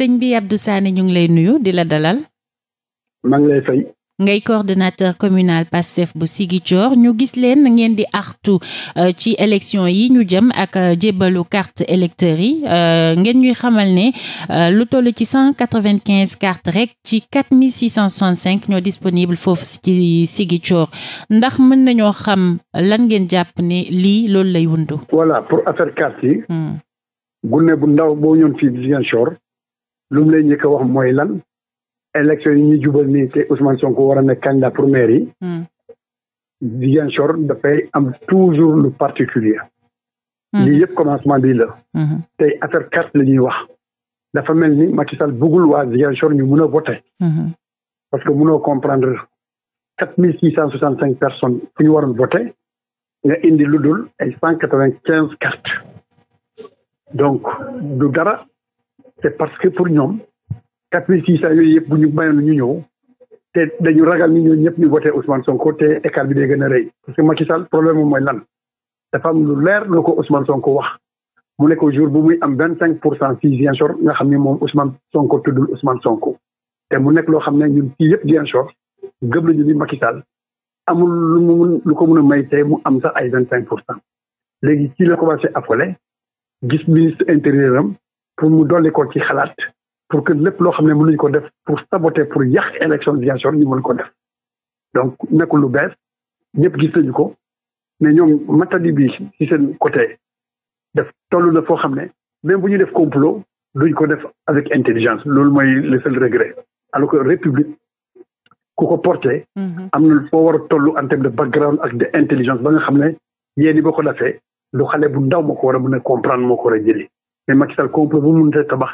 sëñ bi du Sané ñu ngi lay nuyu di la dalal. maa ngi lay fay. ngay coordonnateur communal Pastef bu Ziguinchor ñu gis leen ngeen di artu euh, ci élection yi ñu jëm ak euh, jébalu carte électeur yi euh, ngeen ñuy xamal ne lu toll ci cent quatre vingt rek ci quatre mille six cent soixante-cinq ñoo disponible foofu ci Ziguinchor ndax mën nañoo xam lan ngeen jàpp ni lii loolu lay wundu. Hmm. ndaw lu mu lay njëkk wax mooy lan élection yi ñuy jubal nii te Ousmane Sonko war a nekk candidat pour maire yi. Hmm. Ziguinchor dafay am toujours lu particulier hmm. lii yëpp commencement bii la. Hmm. te affaire carte la ñuy wax. dafa mel ni Macky Sall bëggul waa Ziguinchor ñu mun a voter. parce que munoo comprendre quatre mille six cent soixante cinq personnes fu ñu waroon voter nga indi lu dul ay cent quatre quinze cartes donc du dara. c'est parce que pour ñoom quatre mille six cent yooyu yëpp bu ñu mayoon ñu ñëw te dañu ragal ñu ñooñu ñëpp ñu voté Ousmane Sonko te écart bi day gën a rëy parce que Macky Sall problème moom mooy lan dafa am lu leer lu ko Ousmane Sonko wax mu ne ko jour bu muy am vingt cinq pour cent si Ziguinchor nga xam ne moom Ousmane Sonko tuddul Ousmane Sonko te mu nekk loo xam ne ñun fii yëpp Ziguinchor gëm nañu ni Macky Sall amul lu mu lu ko mun a may tey mu am sax ay vingt cinq pour cent léegi ci la commencé affolé gis ministre intérieur am pour mu dolli ko ci xalaat pour que lépp loo xam ne mënuñ ko def pour saboter pour yàq élection Ziguinchor ñu mën ko def donc nekkul lu bees ñëpp gis nañu ko mais ñoom matadi bi ci seen côté def tollu na foo xam ne même bu ñu def complot duñ ko def avec intelligence loolu mooy le seul regret alors que république ku ko porté mhm. am na foo war a tollu en terme de background ak de intelligence ba nga xam ne yéen ni boo ko defee lu xale bu ndaw moo ko war a mën moo ko war mais Macky Sall complot bu mun a tabax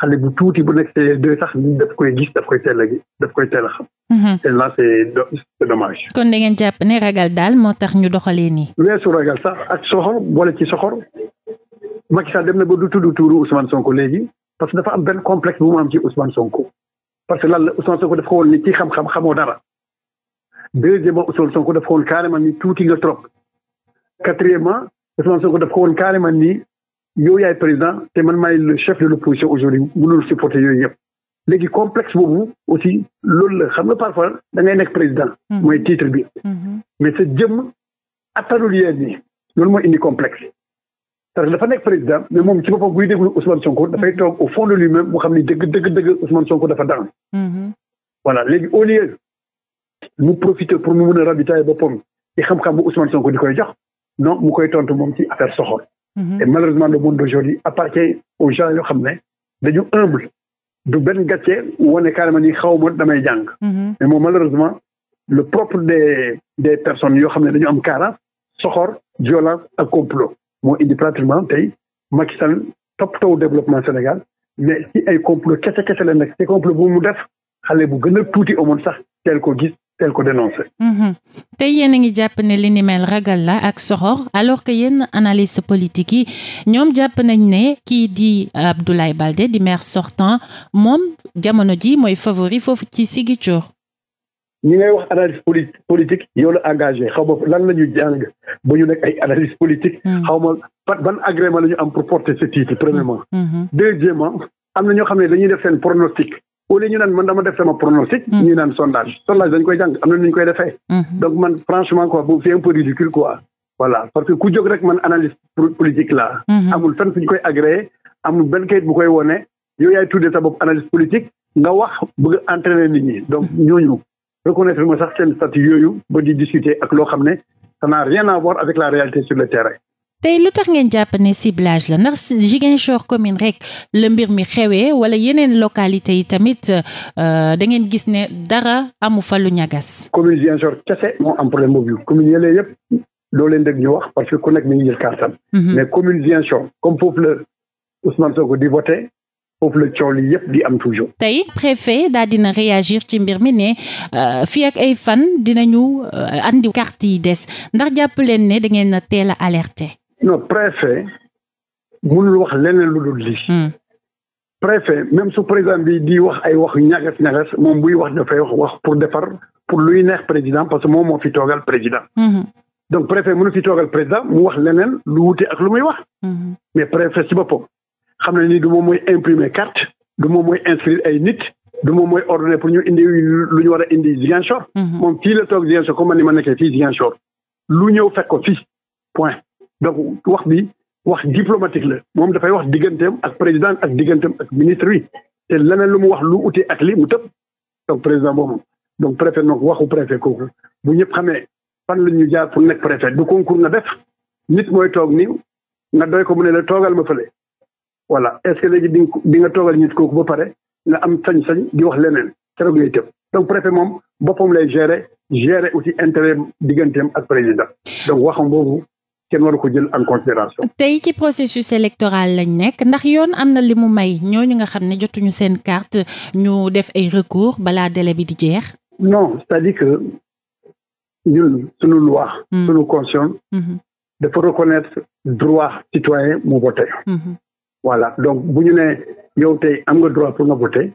xale bu tuuti bu nekk c'est deux sax daf koy koy a gis daf koy teel a xam. Mhm. et là c'est dommage. kon da ngeen jàpp ne ragal daal moo tax ñu doxalee nii. weesu ragal sax ak soxor boole ci soxor Macky dem na ba du tudd tuuru Ousmane Sonko léegi parce que dafa am benn complexe bu mu am ci Ousmane Sonko parce que lan la Ousmane Sonko daf ko woon ni ci xam-xam tuuti nga trop quatrièmement Ousmane Sonko daf ko woon carrément ni. yow yaay président te man maay le chef de l'opposition aujourd'hui mënul supporter yooyu yëpp léegi complexe boobu aussi loolu la xam nga parfois da ngay nekk président mhm. mooy titre bi mhm. mais sa jëmm attanul yeen ni loolu indi complexe parce que dafa nekk président mais moom ci boppam buy déglu Ousmane Sonko dafay mhm. toog au fond de lui-même mu xam ni dëgg dëgg dëgg Ousmane Sonko dafa daan voilà léegi au lieu mu profiter pour mu mën a rabitaay boppam ci xam-xam bu Ousmane Sonko di koy jox non mu koy tontu moom ci affaire soxor Mmh. et malheureusement le monde d'aujourd'hui appartient aux gens yoo xam ne dañu humble du benn gàcce wane carrément ni xaw ma damay jàng. Mm-hmm. mais moom malheureusement le propre des personnes yoo xam ne dañu am carence soxor violence ak complot moo indi pratiquement tey Macky Sall toppatoo développement Sénégal mais ci ay complot kese kese la nekk ci complot bu mu def xale bu gën a tuuti au monde sax teel ko gis teel ko dénoncé. Mhm. tey yéen a ngi jàpp ne li ni mel ragal la ak soxor alors que yéen analyste politique yi ñoom jàpp nañ ne kii di Abdoulaye Baldé di maire sortant moom jamono ji mooy favori foofu ci Ziguinchor. ñi ngay wax analyse politique yow la engagé lan la ñu ba ñu nekk ay analyse politique. Hmm. xaw ban agrément la ñu am pour porter ce titre premièrement. Hmm. Hmm. deuxièmement am na ñoo xam ne dañuy def seen pronostic. au lieu ñu naan man dama def sama pronostic. Mm. ñu naan sondage sondage dañ koy jàng am na nu ñu koy defee. Mm-hmm. donc man franchement quoi bu c'est un peu ridicule quoi. voilà parce que ku jóg rek man analyse politique la mm-hmm. amul fenn fu ñu koy agréé amul benn kayit bu koy wone yow yaay tuddee sa bopp analyse politique nga wax bëgg a entraîner nit ñi donc mm-hmm. ñooñu reconnaître ma sax seen statut yooyu ba di discuter ak loo xam ne ça n'a rien à voir avec la réalité sur le terrain. tey lu tax ngeen jàpp ne ciblage la ndax Ziguinchor commune rek la mbir mi xewee wala yeneen localité yi tamit euh, da ngeen gis ne dara amu fa lu ñagas. commune Ziguinchor kese moo am problème boobu commune leen ñu wax parce que ku nekk mi ngi jël kartam mhm. mais commune Ziguinchor comme foofu la Ousmane Sonko di voté foofu la coow li yëpp di am toujours. tey préfet daa dina réagir ci mbir mi ne euh, fii ak ay fan dina ñu indi euh, carte yi des ndax jàpp leen ne da ngeen na teel a non mun mënul wax leneen lu dul lii. Hmm. préfet même su président bi di wax ay wax ñagas ñagas moom buy wax dafay wax wax pour defar pour luy neex président parce que moom moo fi toogal président. Hmm. donc préfet mënu fi toogal président mu wax leneen lu wute ak lu muy wax. Hmm. mais préfet si boppam xam na ni du moom mooy imprimer carte du moom mooy inscrire ay nit. du moom mooy ordonné pour ñu indi lu ñu war a indi Ziguinchor. moom fii la toog Ziguinchor comme ni ma nekkee fii Ziguinchor. lu ñëw fekk ko fii donc wax bi wax diplomatique la moom dafay wax digganteem ak président ak digganteem ak ministre bi te leneen lu mu wax lu ute ak li mu tëb donc président boobu donc préfet donc waxu préfet kooku bu ñëpp xamee fan la ñu jaar pour nekk préfet du concours nga def nit mooy toog ni nga doy ko mu ne la toogal ma fële voilà est ce que léegi di di nga toogal nit kooku ba pare nga am sañ-sañ di wax leneen keroog ngay tëb donc préfet moom boppam lay gérer gérer aussi intérêt digganteem ak président donc waxam boobu kenn waru ko jël en considération tey ci processus électoral lañ nekk ndax yoon am na li mu may ñooñu nga xam ne jotuñu seen carte ñu def ay recours balaa délai bi di jeex. non c'est-à-dire que ñun suñu loi. Hmm. suñu conscience. Hmm. dafa reconnaître droit citoyen mu voter. Hmm. voilà donc bu ñu nee yow tey am nga droit pour nga voter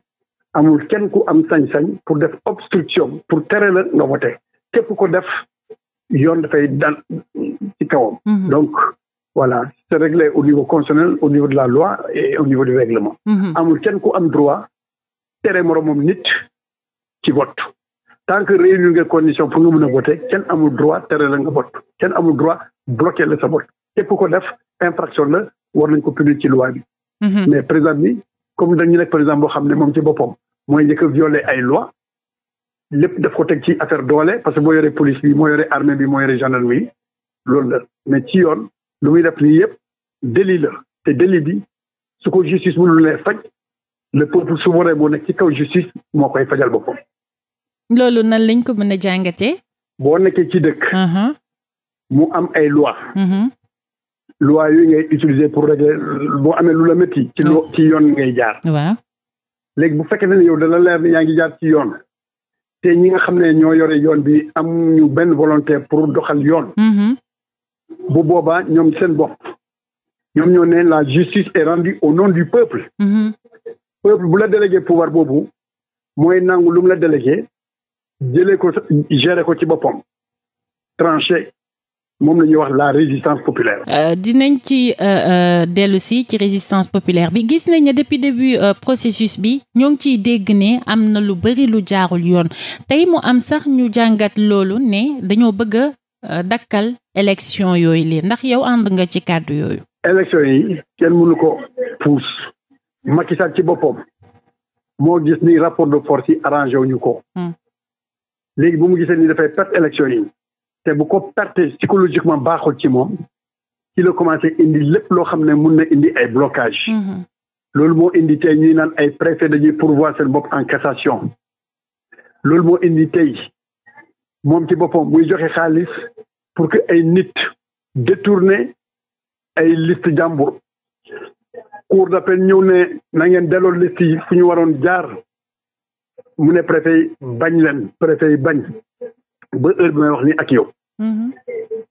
amul kenn ku am sañ-sañ pour def obstruction pour tere la nga voter képp ko def. yoon dafay daan ci kawam. Mhm. donc voilà c'est réglé au niveau constitutionnel au niveau de la loi et au niveau du règlement. Mhm. amul kenn ku am droit tere moromam nit ci vote tant que réunir nga condition pour nga mën a voter kenn amul droit tere la nga vote kenn amul droit bloquer la sa vote képp ko def infraction la war nañ ko punir ci loi bi. Mhm. mais président bi comme dañu nekk président boo xam ne moom ci boppam mooy njëkk a violer ay loi lépp daf ko teg ci affaire doole parce que moo yore police bi moo yore armée bi moo yore gendarmerie bi loolu la mais ci yoon lu muy def nii yëpp délit la te délit bi su ko justice mënul ne faj le peuple souverain moo nekk ci kaw justice moo koy fajal boppam. loolu nan lañ ko mën a jàngatee. boo nekkee ci dëkk. Uh-huh. mu am ay loi uh-huh. loi yooyu ngay utiliser pour régler boo amee lu la métti. ci loo oh. ci yoon ngay jaar. waaw léegi bu fekkee ne yow dana leer ne yaa ngi jaar ci yoon. te ñi nga xam ne ñoo yore yoon bi am ñu benn volonté pour doxal yoon. Mm-hmm. bu boobaa ñoom seen bopp ñoom ñoo ne la justice est rendue au nom du peuple. Mm-hmm. peuple bu la délégué pouvoir boobu mooy nangu lu la délégué jëlee ko ko ci boppam tranché moom la ñuy wax la résistance populaire. Euh, dinañ ci euh, euh, dellu si ci résistance populaire bi gis nañ ne depuis début processus bi ñoo ngi ciy dégg ne am na lu bëri lu jaarul yoon tey mu am sax ñu jàngat loolu ne dañoo bëgg a dakkal élection yooyu lii ndax yow ànd nga ci kàddu yooyu. élection yi kenn mënu ko puus Macky ci boppam moo gis ni rapport de force yi arrangé wu ñu ko. Hmm. léegi bu mu gisee ni dafay perte élection yi. te bu ko perte psychologiquement baaxul ci moom ci la commencé indi lépp loo xam ne mun na indi ay blocage mm-hmm. loolu moo indi tey ñuy naan ay préfet dañuy pourvoir seen bopp en cassation loolu moo indi tey moom ci boppam muy joxe xaalis pour que ay nit détourné ay liste jàmbur cour d'appel ñëw ne nangeen ngeen delloo yi fu ñu waroon jaar mu ne préfet bañ leen préfet bañ ba heure bi may wax ni ak yow Mm-hmm.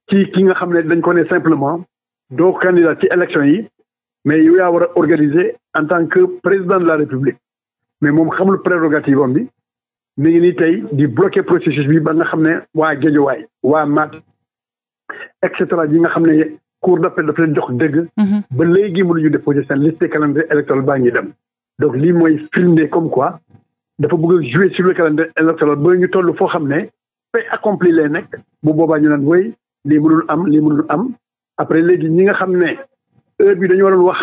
ci ki nga xam ne dañ ko ne simplement doo candidat ci élection yi mais yow yaa war a organiser en tant que président de la république mais moom xam xamul prérogative am bi mi ngi ni tey di bloquer processus bi ba nga xam ne waa Géejawaay waa Maat et cetera yi nga xam ne cour d'appel dafa leen jox dëgg. Mm-hmm. ba léegi mënuñu déposer seen liste calendrier électoral baa ngi dem donc lii mooy filmer comme quoi dafa bëgg a jouer sur le calendrier électoral ba ñu toll foo xam ne. fait accompli lay nekk bu boobaa ñu naan wéy lii mënul am lii mënul am après léegi ñi nga xam ne heure bi dañu waroon wax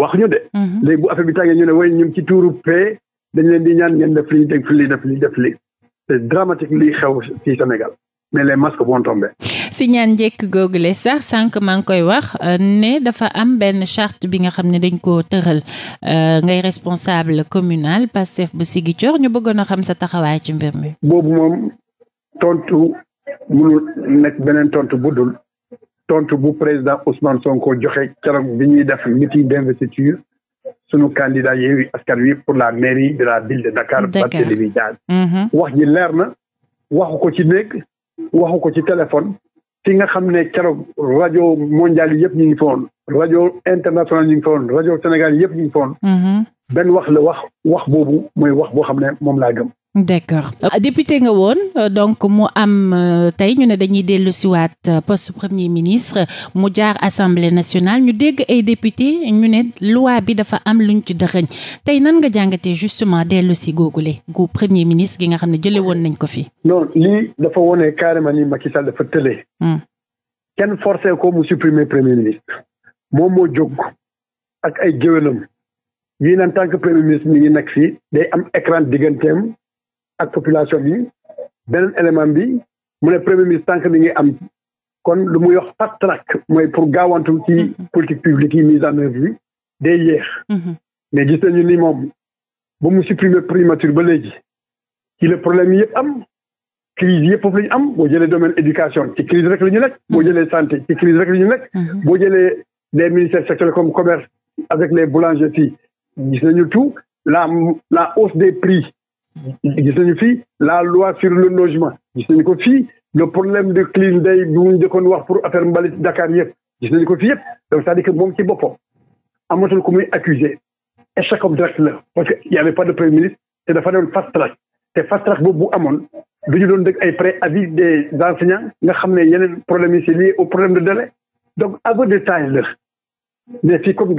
wax ñu de mhm. léegi bu affaire bi tàggee ñu ne wéy ñun ci tuuru paix dañ leen di ñaan ngeen def lii def lii def lii def lii c'est dramatique lii xew ci Sénégal mais les masques vont tomber si ñaan njëkk googule sax sànq maa ngi koy wax euh, ne dafa am benn charte bi nga xam ne dañ koo tëral euh, ngay responsable communal Pastef bu Ziguinchor ñu bëggoon a xam sa taxawaay ci mbir mi. boobu moom tontu munul nekk beneen tontu bu dul tontu bu président Ousmane Sonko joxe keroog bi ñuy def meeting d'investiture sunu candidat Yewwi Askan Wi pour la mairie de la ville de Dakar. Barthélémy Dias mhm. wax ji leer na waxu ko ci nekk waxu ko ci téléphone fi nga xam ne keroog rajo mondial yi yëpp ñu ngi fa woon rajo international ñu ngi fa woon Sénégal yëpp ñu ngi fa mhm. benn wax la wax wax boobu mooy wax boo xam ne moom laa gëm. d'accord euh, député nga woon euh, donc mu am euh, tey ñu ne dañuy dellu siwaat poste premier ministre mu jaar assemblée nationale ñu dégg ay député ñu ne loi bi dafa am luñ ci dëxëñ tey nan nga jàngatee justement dellu si googule gu premier ministre gi nga xam ne jële woon nañ ko fi non lii dafa wone carrément ni Macky Sall dafa tële hmm. kenn forcé ko mu supprimer premier ministre moom moo jóg ak ay géwélam yéen en tant que premier ministre mi ngi nekk fii day am écran digganteem ak population bi beneen élément bi mu ne premier ministre tànk mi ngi am kon lu muy wax fast track mooy pour ci mm-hmm. politique publique yi mise en œuvre bi day yéex mm-hmm. mais gis nañu ni moom ba mu supprimer primature ba léegi ci le yëpp am crise yëpp foofu am boo jëlee domaine éducation ci crise rek la ñu nekk boo mm-hmm. jëlee santé ci rek la ñu nekk boo jëlee les ministères sectoriels comme commerce avec les boulangeries gis nañu tout la la hausse des prix gis ñu fii la loi sur le logement gis nañu ko fii le problème de clean day bi mu njëkkoon wax pour affaire mbalit Dakar yëpp gis nañu ko fii yëpp donc c'est-à-dire que moom ci boppam amatul ku muy accusé échec comme direct la parce que y avait pas de premier ministre te dafa doon fast track te fast track boobu bu amoon du ñu doon dégg ay préavis des enseignants nga xam ne yeneen problème yi c'est lié au problème de délai donc aveu de taille la mais fii comme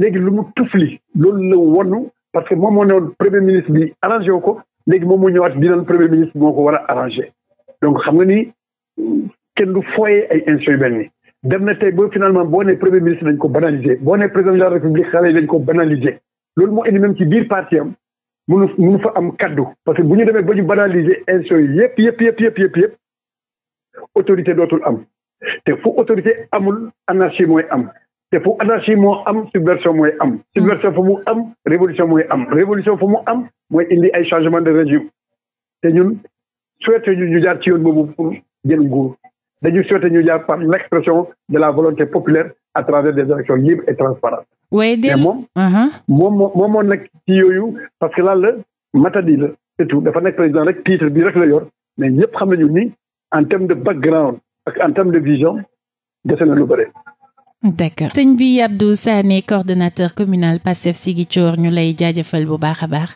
léegi lu mu tufli loolu la wonu parce que moom moo newoon premier ministre bi arrangé wu ko léegi moom mu ñëwaat dinañ premier ministre moo ko war a arrangé donc xam nga ni kenn du foyee ay institutions yu dem na tey ba finalement boo nee premier ministre dañ ko banalisé boo ne président de la république xale yi dañ ko banalisé loolu moo indi même ci biir parti am mënu mënu fa am kaddu parce que bu ñu demee ba ñu banaliser institutions yi yëpp yëpp yëpp yëpp yëpp yëpp autorité dootul am te fu autorité amul anarchie mooy am te fu anarchie moo am subversion mooy am mm. subversion fu mu am révolution mooy am révolution fu mu am mooy indi ay changement de régime te ñun souhaité ñu ñu jaar ci yoon boobu pour jël nguur dañu souhaité ñu jaar par l'expression de la volonté populaire à travers de élections libres et transparentes waaye dé moom uh-huh. moom moom moo nekk ci yooyu parce que lan la matadi la c'est tout dafa nekk président rek titre bi rek la yor mais ñëpp xam nañu ni en termes de background ak en termes de vision dese na lu bëri d'accord sëñ bi Abdou Sané coordonnateur communal Pastef Ziguinchor ñu lay jaajëfal bu baax a baax.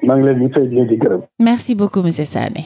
fay di gërëm. merci beaucoup monsieur Sané.